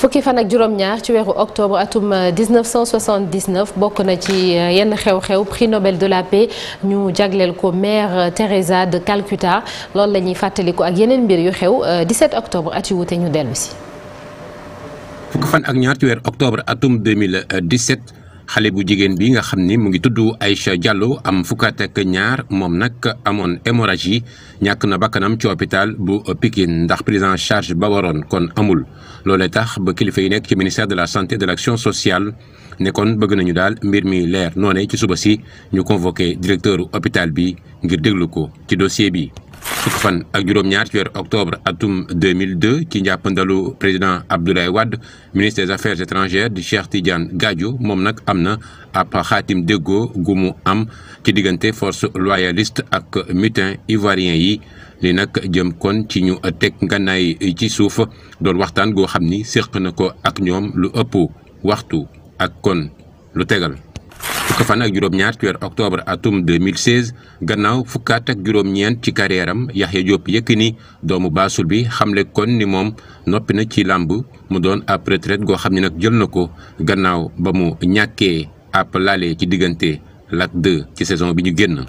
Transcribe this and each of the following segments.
fukki fan ak juróom-ñaar ci weeru octobre atum 1979 euh, bokk na ci euh, yenn xew-xew prix Nobel de la paix ñu jagleel ko mère euh, Teresa de Calcutta loolu la ñuy fàttaliku ak yeneen mbir yu xew 17 octobre at yu wute ñu dellu si. fukki fan ak ñaar ci weeru octobre xale bu jigéen bi nga xam ni mu ngi tudd ay Aïcha Diallo am fukkaat ak ñaar moom nag amoon hémorragie ñàkk na bakkanam ci hôpital bu Pikine ndax prise en charge ba waroon kon amul loolee tax ba kilifa yi nekk ci ministère de la santé et de l'action sociale ne kon bëgg nañu daal mbir mi leer noone ci suba si ñu convoqué directeur hôpital bi ngir déglu ko ci dossier bi. fukk fan ak juróom-ñaar ci weer octobre atum 2002 ci njàppandalu président Abdoulaye Wade ministre des affaires étrangères du Cheikh Tidiane Gadio moom nag am na ab xaatim déggoo gu mu am ci diggante force loyaliste ak mutin ivoirien yi li nag jëm kon ci ñu teg ngànnaay ci suuf doon waxtaan goo xam ni séq na ko ak ñoom lu ëpp waxtu ak kon lu tegal ko fan ak juróom-ñaar ci weer octobre atum 2016 gannaaw fukkaat ak juróom-ñeent ci carrière am Yaxya Diop Yékini doomu baasul bi xamle kon ni moom noppi na ci làmb mu doon ab retraite goo xam ni nag jël na ko gannaaw ba mu ñàkkee ab laale ci diggante Lac 2 ci saison bi ñu génn.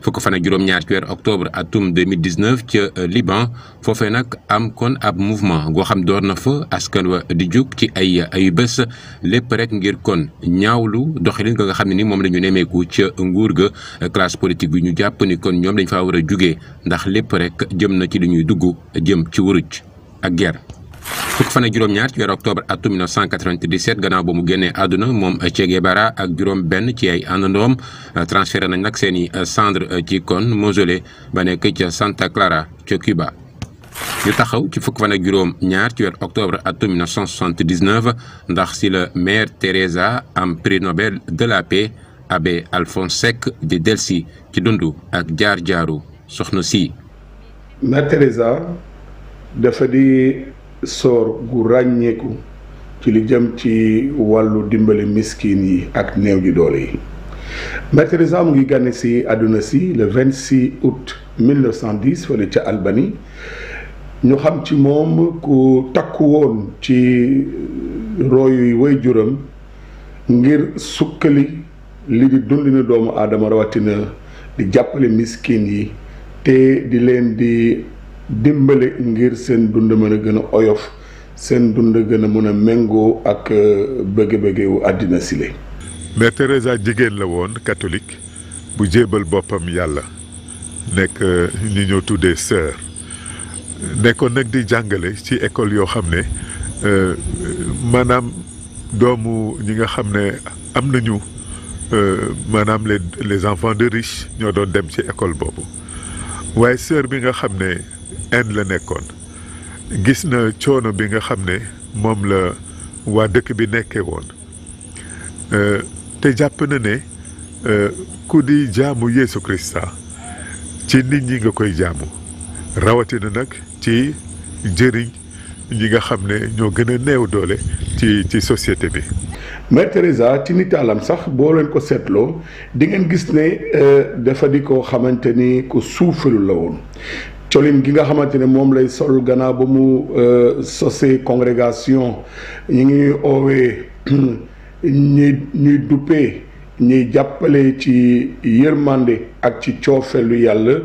fokk fan ak juróom-ñaar ci weer octobre atum 2019 ca euh, Liban foofe nag am kon ab mouvement goo xam door na fa askan wa di jug ci ay ay bés lépp rek ngir kon ñaawlu doxalin nga nga xam ne ni moom la ñu nemeeku ca nguur ga classe politique bi ñu jàpp ni kon ñoom dañ faa war a jugee ndax lépp rek jëm na ci li ñuy dugg jëm ci wuruj ak guerre fukk fan ak juróom-ñaar ci weeru octobre atum 1997 gannaaw ba mu génnee àdduna moom Che Guevara ak juróom-benn ci ay àndandoom euh, transféré nañ nag seen i euh, cendre euh, ci kon mausolée ba nekk ca Santa Clara ca Cuba. ñu taxaw ci fukk fan juróom ñaar ci weer octobre atum 1979 ndax si la mère Teresa am prix Nobel de la paix abbé Alphonse Seck di delsi ci dundu ak jaar-jaaru soxna si. soor gu ràññeeku ci lu jëm ci wàllu dimbali miskin yi ak néew ji doole yi Maître mu ngi gane ci àdduna si le 26 août 1910 fële ca albani ñu xam ci moom ku takku woon ci way waajuram ngir sukkali li di dundinu doomu aadama rawatina di jàppale miskin yi te di leen di dimbali ngir seen dund mën a gën a oyof seen dund gën a mën a méngoo ak euh, bëgge-bëgge wu àddina si le Mère jigéen la woon catholique bu jébal boppam yàlla nekk ñu euh, ñoo tuddee sœur nekkoon nag di jàngale ci école yoo xam ne euh, maanaam doomu ñi nga xam ne am nañu maanaam les les enfants de riches ñoo doon dem ci école boobu waaye sœur bi nga xam ne Inde la nekkoon gis na coono bi nga xam ne moom la waa dëkk bi nekkee woon euh, te jàpp na ne euh, ku di jaamu Yeesu Krista ci nit ñi nga koy jaamu rawatina nag ci jëriñ ñi nga xam ne ñoo gën a néew doole ci ci société bi. mais Teresa ci nitaalam sax boo leen ko seetloo di ngeen gis ne euh, dafa di ko xamante ni ku suufalu la woon colin gi nga xamante ne moom lay sol gannaaw ba mu euh, sosee congrégation ñi ngi oowee ñuy ñuy duppee ñuy jàppale ci yërmande ak ci coofelu yàlla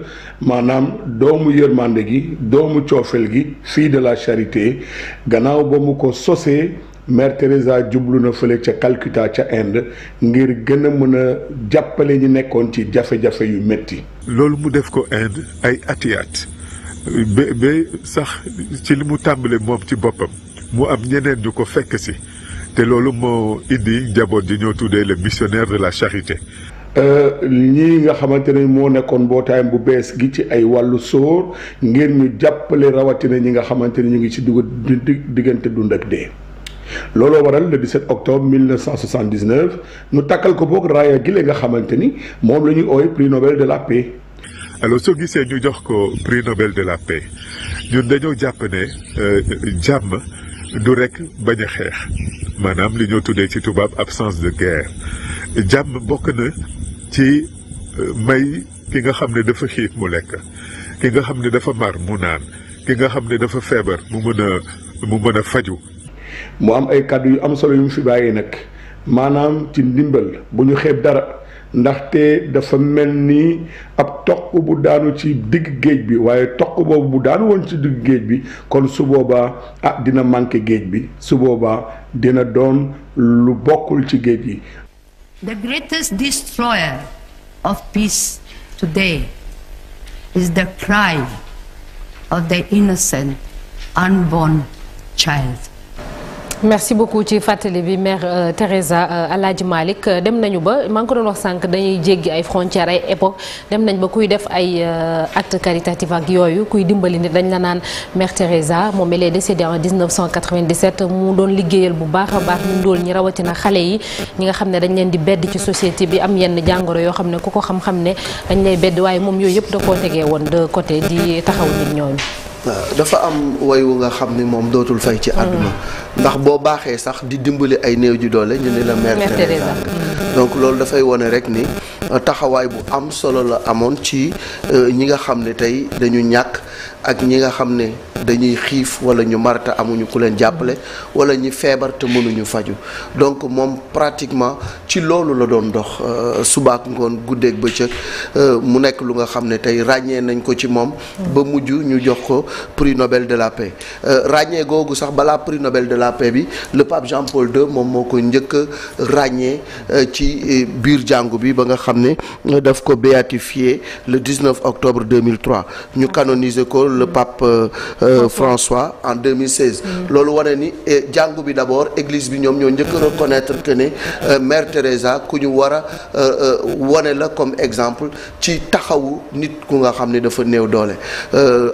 maanaam doomu yërmande gi doomu coofel gi fii de la charité gannaaw ba mu ko sosee Mère Teresa jublu na fële ca Calcutta ca Inde ngir gën a mën a jàppale ñi nekkoon ci jafe-jafe yu métti. loolu mu def ko Inde ay atiyaat ba ba sax ci li mu tàmbale moom ci boppam mu am ñeneen ñu ko fekk si te loolu moo indi njaboot ji ñoo tuddee le missionnaire de la charité. Euh, ñi nga xamante ne moo nekkoon mbootaayam bu bees gi ci ay wàllu sóor ngir ñu jàppale rawatina ñi nga xamante ne ñu ngi ci dugg diggante dund ak dee. looloo waral le 17 octobre 1979 ñu takkal ko boog raaya gi nga xamante ni moom la ñuy ooy prix Nobel de la paix. alors soo gisee ñu jox ko prix Nobel de la paix ñun dañoo jàpp ne euh, jàmm du rekk bañ a xeex maanaam li ñoo tuddee ci tubaab absence de guerre jàmm bokk na ci euh, may ki nga xam ne dafa xiif mu lekk ki nga xam ne dafa mar mu naan ki nga xam ne dafa feebar mu mën a mu mën faju mu am ay kàddu yu am solo yu mu fi bàyyee nag maanaam ci ndimbal bu ñu xeeb dara. ndaxte dafa mel ni ab toq bu daanu ci digg géej bi waaye toq boobu bu daanu woon ci digg géej bi kon su boobaa ah dina manqué géej bi su boobaa dina doon lu bokkul ci géej gi. The greatest destroyer of peace today is the cry of the innocent unborn child. merci beaucoup ci fàttali bi mère euh, Teresa Alhaji euh, Malick euh, dem nañu ba maa ngi doon wax sànq dañuy jéggi ay frontières ay époque dem nañ ba kuy def ay acte caritatif ak yooyu kuy dimbali nit dañ la naan mère Teresa moom elle est décédée en 1997 mu doon liggéeyal bu baax a baax ñu ndóol ñi rawatina xale yi ñi nga xam ne dañ leen di bedd ci société bi am yenn jàngoro yoo xam ne ku ko xam-xam ne dañ lay bedd waaye moom yooyu yëpp da koo tegee woon de côté di taxaw nit Euh, dafa am wayu nga xam ni moom dootul fay ci àdduna mm-hmm. ndax boo baaxee sax di dimbali ay néew ji doole ñu ni la mère Teresa mm-hmm. donc loolu dafay wone rek ni euh, taxawaay bu am solo la amoon ci euh, ñi nga xam ne tey dañu ñàkk ak ñi nga xam ne dañuy xiif wala ñu marta amuñu ku leen jàppale wala ñi feebar te mënuñu faju donc moom pratiquement ci loolu la doon dox euh, subaak ngoon guddeeg bëccëg euh, mu nekk lu nga xam ne tey ràññee nañ ko ci moom ba mujj ñu jox ko prix Nobel de la paix euh, ràññee googu sax balaa prix Nobel de la paix bi le pape Jean Paul II moom moo ko njëkk ràññee ci biir jàngu bi ba nga xam ne daf ko béatifié le 19 octobre 2003 ñu canoniser ko loolu le pape euh, euh François en 2016. loolu wane ni eh, jàngu bi d' abord église bi ñoom ñoo njëkk a reconnaître que ne euh, mère Teresa ku ñu war a euh, wane la comme exemple ci taxawu nit ku nga xam ne dafa néew doole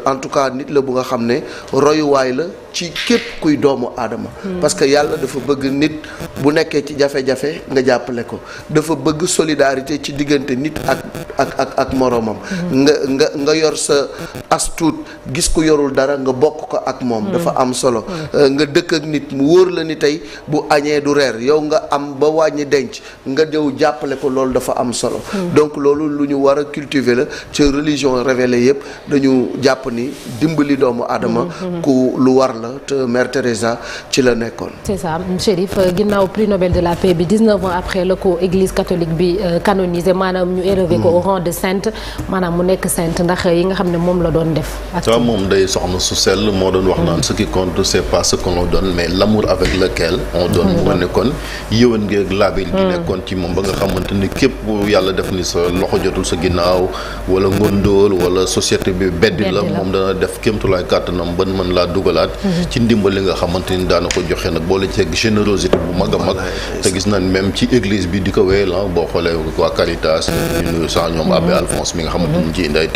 en tout cas nit la bu nga xam ne royuwaay la ci képp kuy doomu aadama. parce que yàlla dafa bëgg nit bu nekkee ci jafe-jafe nga jàppale ko dafa bëgg solidarité ci diggante nit ak ak ak moroomam. nga nga nga yor sa astuut gis ku yorul dara nga bokk ko ak moom mm. dafa am solo mm. euh, nga dëkk ak nit mu wóor la ni tey bu añee du reer yow nga am ba wàññi denc nga ñëw jàppale ko loolu dafa am solo mm. donc loolu lu ñu war a cultiver la ci religion révélée yëpp dañu jàpp ni dimbali doomu aadama ku lu war la te mère Teresa ci la nekkoon c'est ça Chérif euh, ginnaaw prix Nobel de la paix bi 19 ans après la ko église catholique bi euh, canonisé maanaam ñu élevé ko au de sainte maanaam mu nekk sainte ndax yi nga xam ne moom la doon def toi moom day soxna su sell moo doon wax mm. naan ce qui compte c'est pas ce qu'on donne mais l'amour avec lequel on donne mu mm. nga nekkoon yëwan ngeeg laabil gi mm. nekkoon ci moom ba nga xamante ni képp yàlla def ni sa loxo jotul sa ginnaaw wala ngóndóol wala société bi beddi la moom dana def kémtulaay kàttanam ba man laa dugalaat mm-hmm. ci ndimbal nga xamante ni daana ko joxe nag boole ceeg générosité bu mag a mag te gis nañ même ci église bi di ko wéyal ah, boo xoolee waa Caritas mm-hmm. ñu nuyu sax ñoom abbé mm-hmm. mi nga xamante ni ci indi ay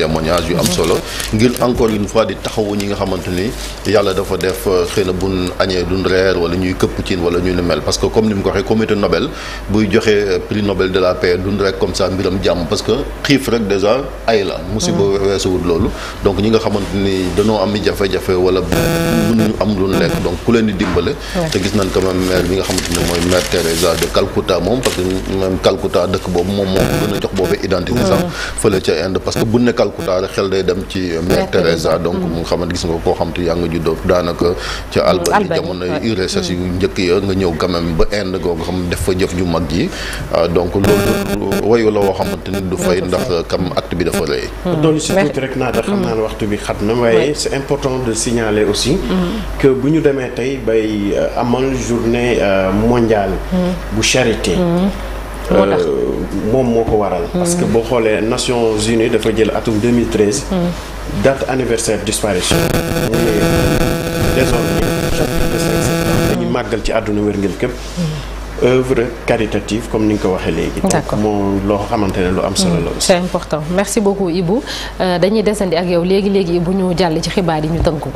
yu am solo encore une fois di taxawu ñi nga xamante euh, ko waxee euh, mm. loolu donc ñi nga xamante ni dañoo am jafe-jafe wala mënuñu am lekk donc ku leen di dimbale te gis nañ quand même maire nga xamante ni mooy maire Teresa de Calcutta moom parce que même Calcutta dëkk boobu moom moo gën a jox boobu identité mm. fële ca Inde parce que bu ne Calcutta rek xel day dem ci euh, maire Teresa dèjà donc mu nga xamante gis nga koo xam te yaa nga juddoo daanaka ca Albanie jamono URSS yu mm. njëkk ya nga ñëw quand même ba Inde googu xam def fa jëf ju mag ji ah, donc loolu wayu la woo xamante du fay ndax kam acte bi dafa rëy mm. doolu si tuuti rek naa da xam mm. naan waxtu bi xat na waaye c'est important de signaler aussi que bu ñu demee tey bay euh, amal journée euh, mondiale bu charité euh, moom moo ko waral. Hmm. parce que boo xoolee Nations Unies dafa jël atum 2013. Hmm. date anniversaire disparition. mu ne désormais chaque dañuy màggal ci àdduna wërngël képp. Hmm. œuvre caritative comme ni nga ko waxee léegi. d'accord moom loo xamante ne lu am solo la. c'est important merci beaucoup ibu euh, dañuy desandi ak yow léegi léegi Ibou ñu jàll ci xibaar yi ñu tënk ko.